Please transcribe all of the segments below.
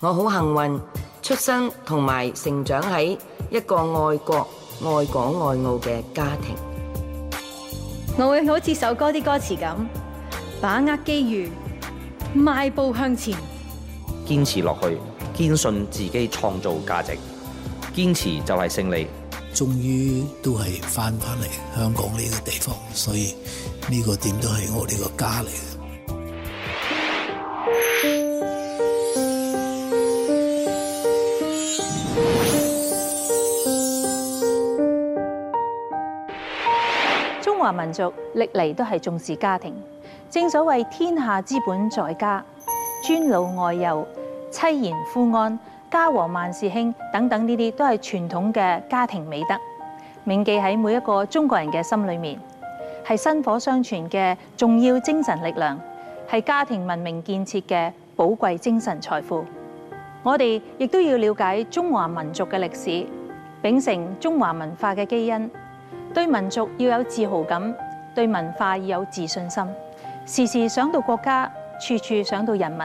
我好幸運，出生同埋成長喺一個愛國、愛港、愛澳嘅家庭。我會好似首歌啲歌詞咁，把握機遇，邁步向前，堅持落去，堅信自己創造價值，堅持就係勝利。終於都係翻翻嚟香港呢個地方，所以呢個點都係我呢個家嚟。民族歷嚟都係重視家庭，正所謂天下之本在家，尊老愛幼、妻賢夫安、家和萬事興等等，呢啲都係傳統嘅家庭美德，銘記喺每一個中國人嘅心裏面，係薪火相傳嘅重要精神力量，係家庭文明建設嘅寶貴精神財富。我哋亦都要了解中華民族嘅歷史，秉承中華文化嘅基因。對民族要有自豪感，對文化要有自信心，時時想到國家，處處想到人民，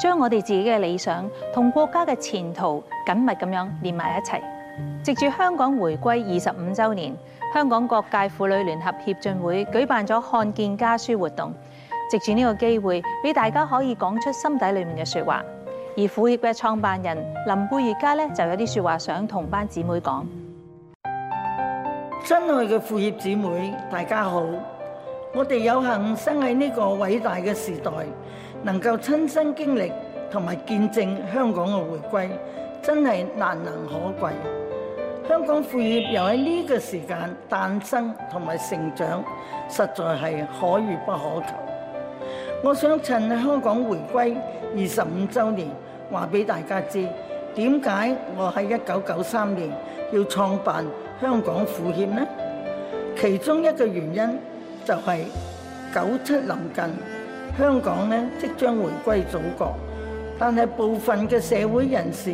將我哋自己嘅理想同國家嘅前途緊密咁樣連埋一齊。藉住香港回歸二十五週年，香港各界婦女聯合協進會舉辦咗看見家書活動。藉住呢個機會，俾大家可以講出心底裡面嘅説話。而婦協嘅創辦人林貝聿嘉咧，就有啲説話想同班姊妹講。親愛嘅婦協姊妹，大家好！我哋有幸生喺呢個偉大嘅時代，能夠親身經歷同埋見證香港嘅回歸，真係難能可貴。香港婦協又喺呢個時間誕生同埋成長，實在係可遇不可求。我想趁香港回歸二十五週年，話俾大家知點解我喺一九九三年要創辦。香港婦協呢，其中一個原因就係九七臨近，香港咧即將回歸祖國，但係部分嘅社會人士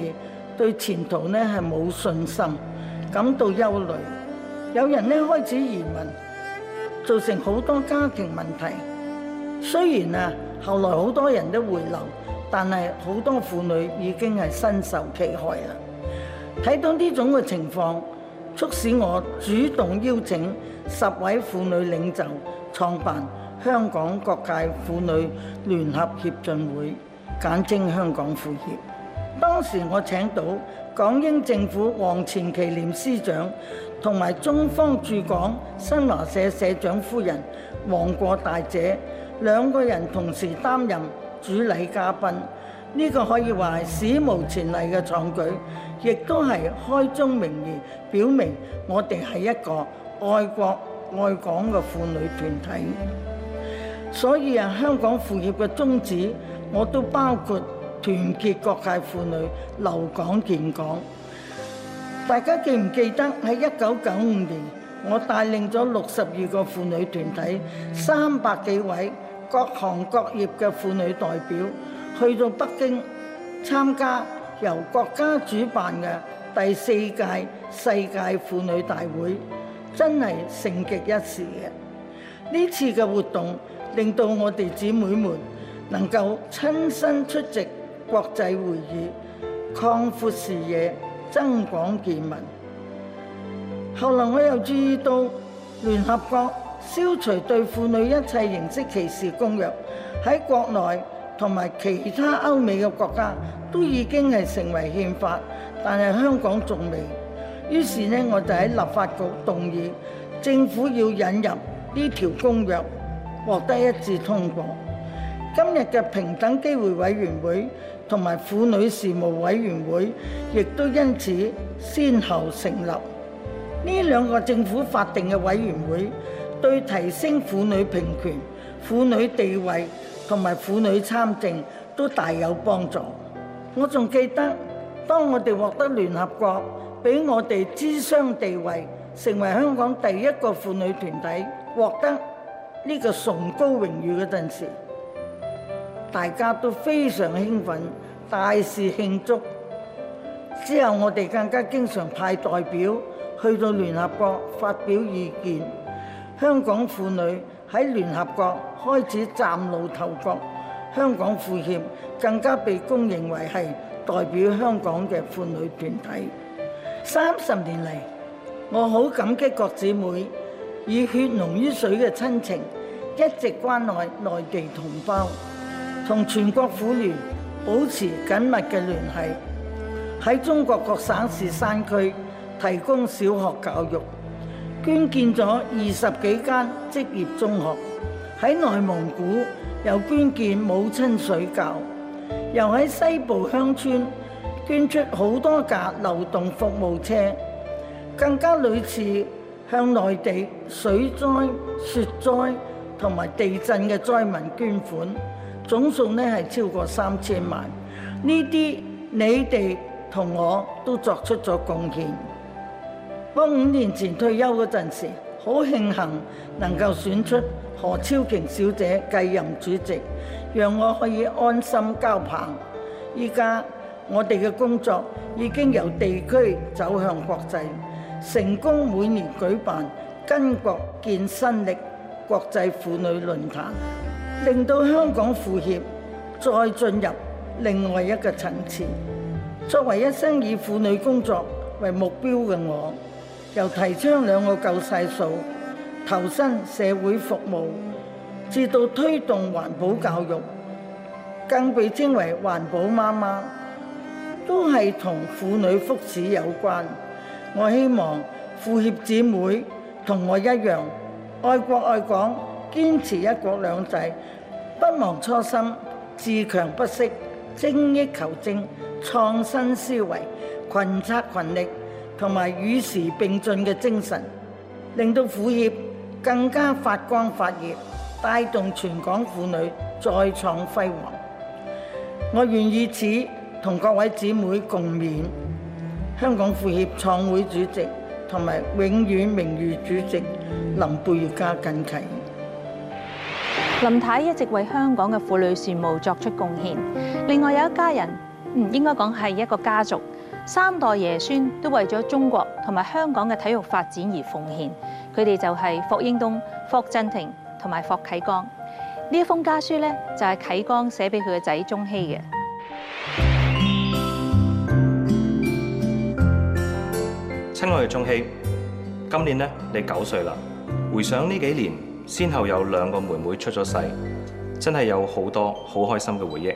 對前途呢係冇信心，感到憂慮，有人咧開始移民，造成好多家庭問題。雖然啊，後來好多人都回流，但係好多婦女已經係深受其害啦。睇到呢種嘅情況。促使我主動邀請十位婦女領袖創辦香港各界婦女聯合協進會簡稱香港婦協。當時我請到港英政府黃錢其濂司長同埋中方駐港新華社,社社長夫人黃國大姐兩個人同時擔任主禮嘉賓，呢、呢個可以話係史無前例嘅創舉。亦都係開宗明義表明，我哋係一個愛國愛港嘅婦女團體。所以啊，香港婦協嘅宗旨我都包括團結各界婦女，留港建港。大家記唔記得喺一九九五年，我帶領咗六十二個婦女團體，三百幾位各行各業嘅婦女代表，去到北京參加。由國家主辦嘅第四屆世界婦女大會，真係盛極一時嘅。呢次嘅活動令到我哋姊妹們能夠親身出席國際會議，擴闊視野，增廣見聞。後來我又注意到聯合國消除對婦女一切形式歧視公約喺國內同埋其他歐美嘅國家。都已經係成為憲法，但係香港仲未。於是呢，我就喺立法局動議，政府要引入呢條公約，獲得一致通過。今日嘅平等機會委員會同埋婦女事務委員會，亦都因此先後成立。呢兩個政府法定嘅委員會，對提升婦女平權、婦女地位同埋婦女參政都大有幫助。我仲記得，當我哋獲得聯合國俾我哋諮商地位，成為香港第一個婦女團體，獲得呢個崇高榮譽嗰陣時，大家都非常興奮，大肆慶祝。之後我哋更加經常派代表去到聯合國發表意見，香港婦女喺聯合國開始嶄露頭角。香港婦協更加被公認為係代表香港嘅婦女團體。三十年嚟，我好感激各姊妹以血濃於水嘅親情，一直關愛內地同胞，同全國婦聯保持緊密嘅聯繫，喺中國各省市山區提供小學教育，捐建咗二十幾間職業中學。喺內蒙古又捐建母親水窖，又喺西部鄉村捐出好多架流動服務車，更加屢次向內地水災、雪災同埋地震嘅災民捐款，總數呢係超過三千萬。呢啲你哋同我都作出咗貢獻。我五年前退休嗰陣時，好慶幸能夠選出。何超瓊小姐繼任主席，讓我可以安心交棒。依家我哋嘅工作已經由地區走向國際，成功每年舉辦巾幗建新力國際婦女論壇，令到香港婦協再進入另外一個層次。作為一生以婦女工作為目標嘅我，又提倡兩個夠晒數。投身社會服務，至到推動環保教育，更被稱為環保媽媽，都係同婦女福祉有關。我希望婦協姊妹同我一樣，愛國愛港，堅持一國兩制，不忘初心，自強不息，精益求精，創新思維，群策群力，同埋與時並進嘅精神，令到婦協更加發光發熱，帶動全港婦女再創輝煌。我願以此同各位姊妹共勉。香港婦協創會主席同埋永遠名譽主席林貝聿嘉近祺，林太一直為香港嘅婦女事務作出貢獻。另外有一家人，嗯，應該講係一個家族。三代爺孫都為咗中國同埋香港嘅體育發展而奉獻，佢哋就係霍英東、霍震霆同埋霍啟剛。呢一封家書咧，就係、是、啟剛寫俾佢嘅仔鍾希嘅。親愛嘅鍾希，今年呢，你九歲啦。回想呢幾年，先後有兩個妹妹出咗世，真係有好多好開心嘅回憶。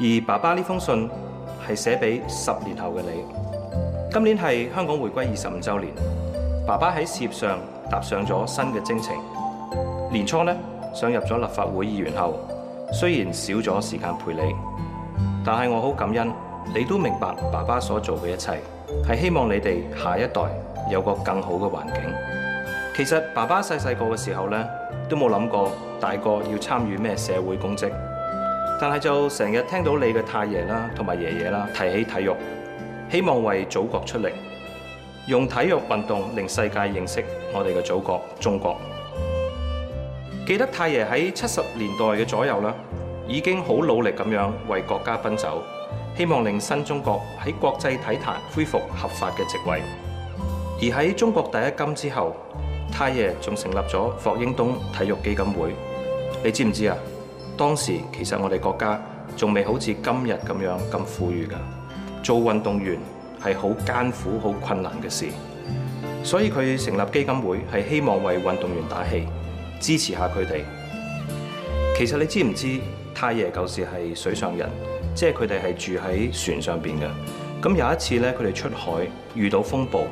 而爸爸呢封信，係寫俾十年後嘅你。今年係香港回歸二十五週年，爸爸喺事業上踏上咗新嘅征程。年初呢，想入咗立法會議員後，雖然少咗時間陪你，但係我好感恩，你都明白爸爸所做嘅一切係希望你哋下一代有個更好嘅環境。其實爸爸細細個嘅時候呢，都冇諗過大個要參與咩社會公職。但係就成日聽到你嘅太爺啦同埋爺爺啦提起體育，希望為祖國出力，用體育運動令世界認識我哋嘅祖國中國。記得太爺喺七十年代嘅左右啦，已經好努力咁樣為國家奔走，希望令新中國喺國際體壇恢復合法嘅席位。而喺中國第一金之後，太爺仲成立咗霍英東體育基金會，你知唔知啊？當時其實我哋國家仲未好似今日咁樣咁富裕㗎。做運動員係好艱苦、好困難嘅事，所以佢成立基金會係希望為運動員打氣，支持下佢哋。其實你知唔知太爺舊時係水上人，即係佢哋係住喺船上邊嘅。咁有一次咧，佢哋出海遇到風暴，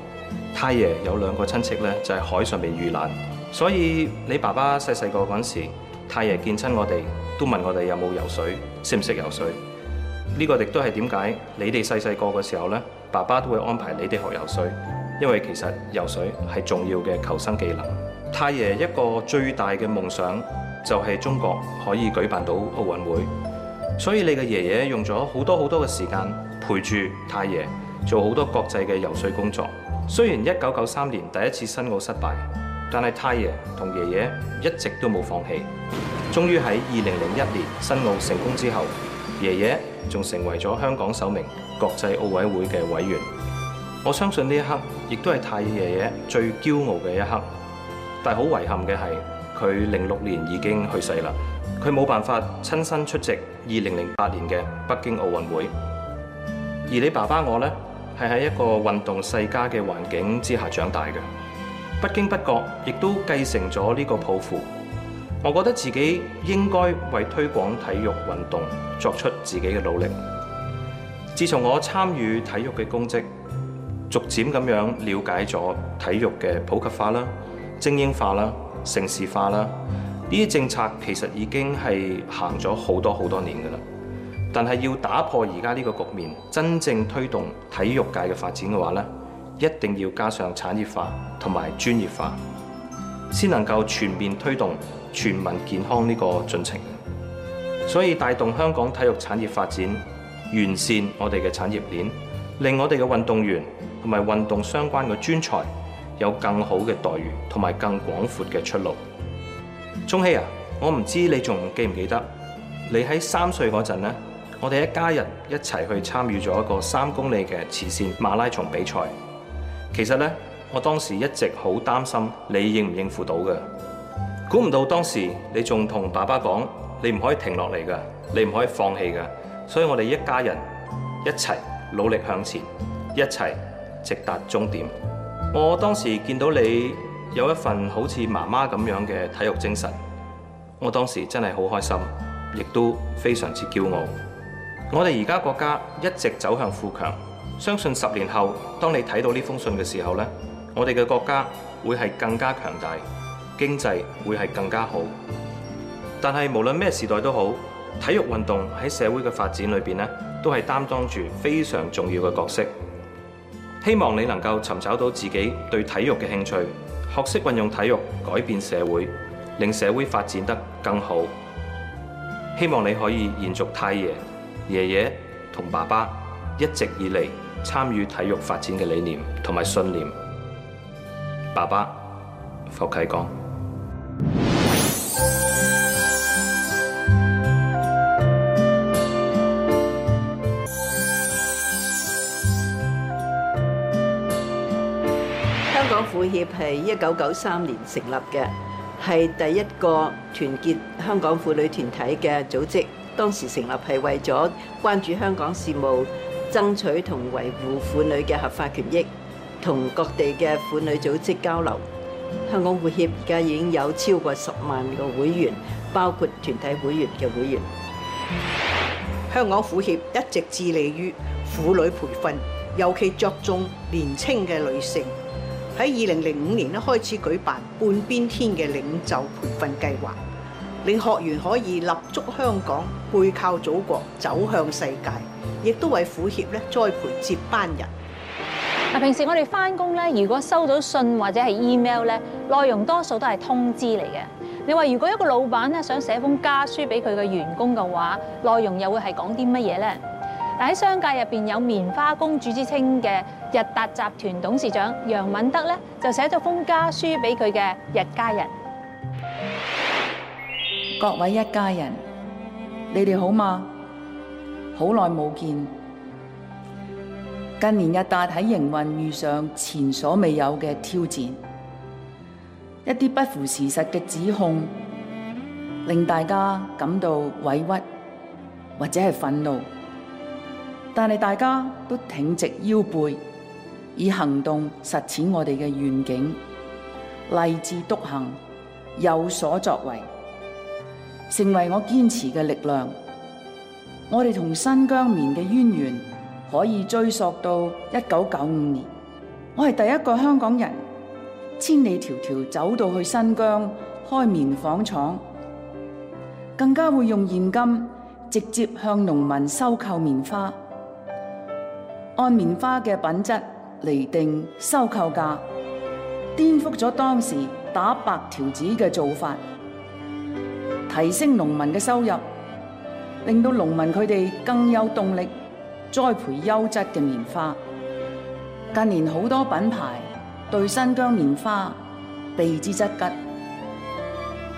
太爺有兩個親戚咧就喺海上邊遇難，所以你爸爸細細個嗰陣時，太爺見親我哋。都問我哋有冇游水，識唔識游水？呢個亦都係點解你哋細細個嘅時候呢，爸爸都會安排你哋學游水，因為其實游水係重要嘅求生技能。太爺一個最大嘅夢想就係中國可以舉辦到奧運會，所以你嘅爺爺用咗好多好多嘅時間陪住太爺，做好多國際嘅游水工作。雖然一九九三年第一次申奧失敗，但係太爺同爺爺一直都冇放棄。終於喺二零零一年申奧成功之後，爺爺仲成為咗香港首名國際奧委會嘅委員。我相信呢一刻亦都係太爺爺最驕傲嘅一刻，但好遺憾嘅係佢零六年已經去世啦，佢冇辦法親身出席二零零八年嘅北京奧運會。而你爸爸我呢，係喺一個運動世家嘅環境之下長大嘅，不經不覺亦都繼承咗呢個抱負。我覺得自己應該為推廣體育運動作出自己嘅努力。自從我參與體育嘅公職，逐漸咁樣了解咗體育嘅普及化啦、精英化啦、城市化啦，呢啲政策其實已經係行咗好多好多年噶啦。但係要打破而家呢個局面，真正推動體育界嘅發展嘅話咧，一定要加上產業化同埋專業化，先能夠全面推動。全民健康呢個進程，所以帶動香港體育產業發展，完善我哋嘅產業鏈，令我哋嘅運動員同埋運動相關嘅專才有更好嘅待遇同埋更廣闊嘅出路。中曦啊，我唔知你仲記唔記得，你喺三歲嗰陣咧，我哋一家人一齊去參與咗一個三公里嘅慈善馬拉松比賽，其實咧，我當時一直好擔心你應唔應付到嘅。估唔到當時你仲同爸爸講，你唔可以停落嚟㗎，你唔可以放棄㗎，所以我哋一家人一齊努力向前，一齊直達終點。我當時見到你有一份好似媽媽咁樣嘅體育精神，我當時真係好開心，亦都非常之驕傲。我哋而家國家一直走向富強，相信十年後當你睇到呢封信嘅時候咧，我哋嘅國家會係更加強大。經濟會係更加好，但係無論咩時代都好，體育運動喺社會嘅發展裏邊呢，都係擔當住非常重要嘅角色。希望你能夠尋找到自己對體育嘅興趣，學識運用體育改變社會，令社會發展得更好。希望你可以延續太爺、爺爺同爸爸一直以嚟參與體育發展嘅理念同埋信念。爸爸，霍啟剛。婦協係一九九三年成立嘅，係第一個團結香港婦女團體嘅組織。當時成立係為咗關注香港事務、爭取同維護婦女嘅合法權益，同各地嘅婦女組織交流。香港婦協而家已經有超過十萬個會員，包括團體會員嘅會員。香港婦協一直致力於婦女培訓，尤其着重年輕嘅女性。喺二零零五年咧開始舉辦半邊天嘅領袖培訓計劃，令學員可以立足香港、背靠祖國、走向世界，亦都為婦協咧栽培接班人。嗱，平時我哋翻工咧，如果收到信或者係 email 咧，內容多數都係通知嚟嘅。你話如果一個老闆咧想寫封家書俾佢嘅員工嘅話，內容又會係講啲乜嘢咧？喺商界入邊有棉花公主之稱嘅溢達集團董事長楊敏德咧，就寫咗封家書俾佢嘅溢家人。各位一家人，你哋好嗎？好耐冇見。近年溢達喺營運遇上前所未有嘅挑戰，一啲不符事實嘅指控，令大家感到委屈或者係憤怒。但係大家都挺直腰背，以行動實踐我哋嘅願景，勵志篤行，有所作為，成為我堅持嘅力量。我哋同新疆棉嘅淵源可以追溯到一九九五年，我係第一個香港人，千里迢迢走到去新疆開棉紡廠，更加會用現金直接向農民收購棉花。按棉花嘅品質嚟定收購價，顛覆咗當時打白條紙嘅做法，提升農民嘅收入，令到農民佢哋更有動力栽培優質嘅棉花。近年好多品牌對新疆棉花避之則吉，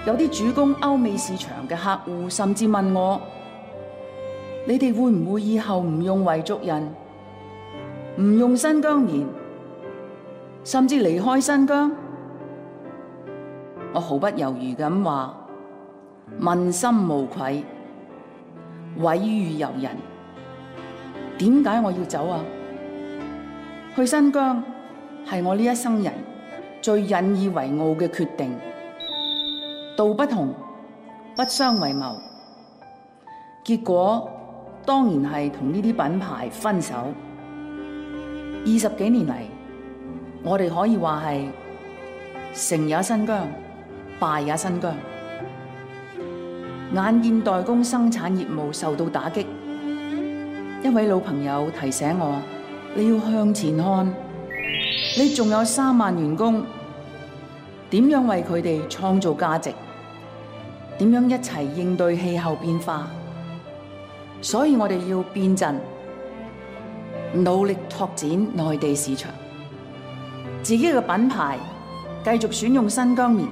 有啲主攻歐美市場嘅客戶甚至問我：你哋會唔會以後唔用維族人？唔用新疆棉，甚至離開新疆，我毫不猶豫咁話：問心無愧，毀譽由人。點解我要走啊？去新疆係我呢一生人最引以為傲嘅決定。道不同，不相為謀。結果當然係同呢啲品牌分手。二十幾年嚟，我哋可以話係成也新疆，敗也新疆。眼見代工生產業務受到打擊，一位老朋友提醒我：你要向前看，你仲有三萬員工，點樣為佢哋創造價值？點樣一齊應對氣候變化？所以我哋要變陣。努力拓展內地市場，自己嘅品牌繼續選用新疆棉，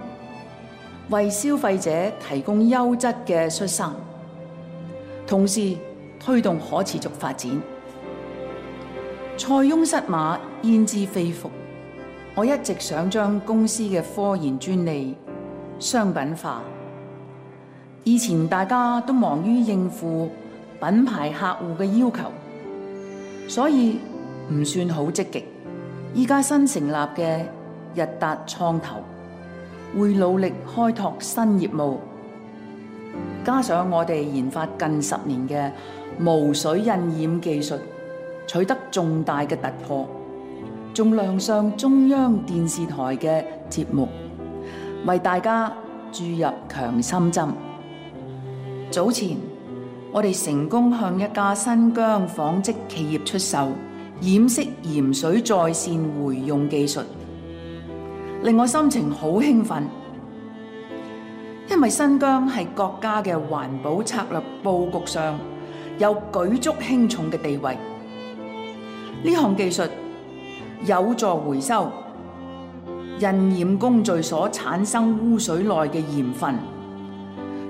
為消費者提供優質嘅恤衫，同時推動可持續發展。塞翁失馬，焉知非福？我一直想將公司嘅科研專利商品化，以前大家都忙於應付品牌客戶嘅要求。所以唔算好積極。依家，新成立嘅日達創投，會努力開拓新業務，加上我哋研發近十年嘅無水印染技術取得重大嘅突破，仲亮相中央電視台嘅節目，為大家注入強心針。早前我哋成功向一家新疆紡織企業出售染色鹽水在線回用技術，令我心情好興奮，因為新疆喺國家嘅環保策略布局上有舉足輕重嘅地位。呢項技術有助回收印染工序所產生污水內嘅鹽分，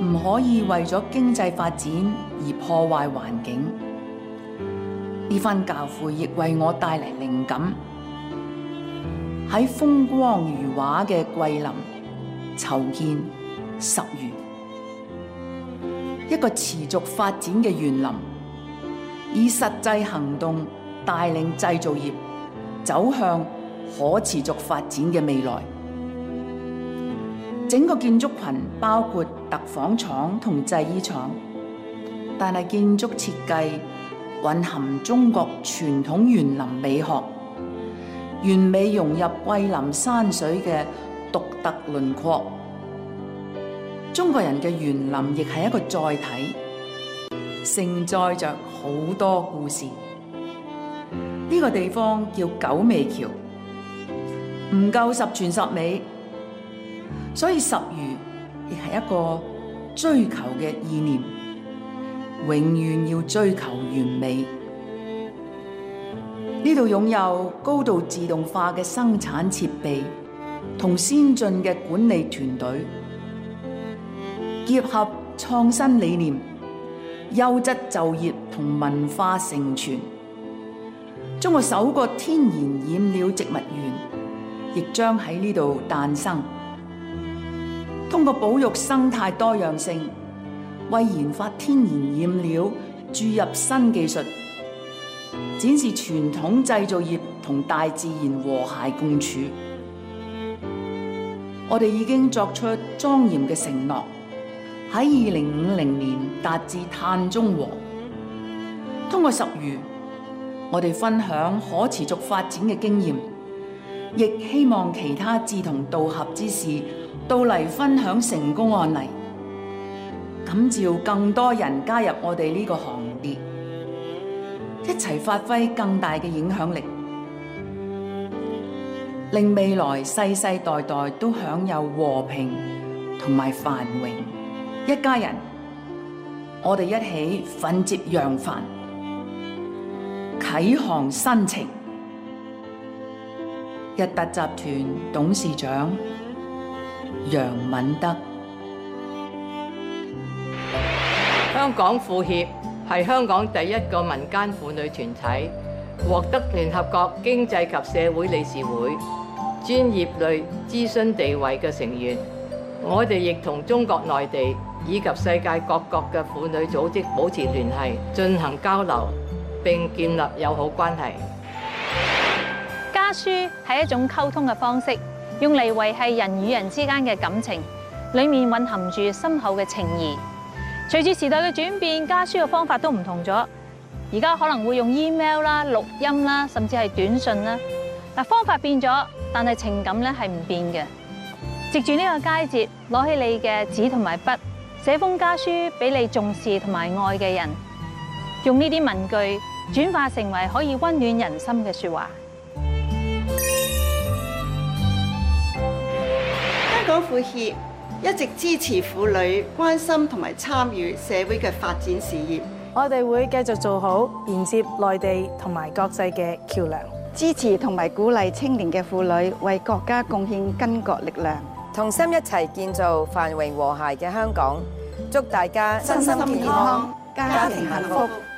唔可以為咗經濟發展而破壞環境，呢番教誨亦為我帶嚟靈感。喺風光如畫嘅桂林，籌建十園，一個持續發展嘅園林，以實際行動帶領製造業走向可持續發展嘅未來。整個建築群包括特紡廠同製衣廠，但係建築設計蘊含中國傳統園林美學，完美融入桂林山水嘅獨特輪廓。中國人嘅園林亦係一個載體，承載著好多故事。呢個地方叫九尾橋，唔夠十全十美。所以十如亦係一個追求嘅意念，永遠要追求完美。呢度擁有高度自動化嘅生產設備同先進嘅管理團隊，結合創新理念、優質就業同文化成全，中國首個天然染料植物園亦將喺呢度誕生。通過保育生態多樣性，為研發天然染料注入新技術，展示傳統製造業同大自然和諧共處。我哋已經作出莊嚴嘅承諾，喺二零五零年達至碳中和。通過十餘，我哋分享可持續發展嘅經驗，亦希望其他志同道合之士，到嚟分享成功案例，感召更多人加入我哋呢個行列，一齊發揮更大嘅影響力，令未來世世代代都享有和平同埋繁榮。溢家人，我哋一起奮楫揚帆，啟航新徵程。溢達集團董事長。楊敏德，香港婦協係香港第一個民間婦女團體，獲得聯合國經濟及社會理事會專業類諮詢地位嘅成員。我哋亦同中國內地以及世界各國嘅婦女組織保持聯繫，進行交流，並建立友好關係。家書係一種溝通嘅方式。用嚟維繫人與人之間嘅感情，裏面蘊含住深厚嘅情誼。隨住時代嘅轉變，家書嘅方法都唔同咗。而家可能會用 email 啦、錄音啦，甚至係短信啦。嗱，方法變咗，但係情感咧係唔變嘅。藉住呢個佳節，攞起你嘅紙同埋筆，寫封家書俾你重視同埋愛嘅人，用呢啲文句轉化成為可以溫暖人心嘅說話。婦協一直支持婦女關心同埋參與社會嘅發展事業，我哋會繼續做好連接內地同埋國際嘅橋樑，支持同埋鼓勵青年嘅婦女為國家貢獻巾幗力量，同心一齊建造繁榮和諧嘅香港。祝大家身心健康，健康家庭，家庭幸福。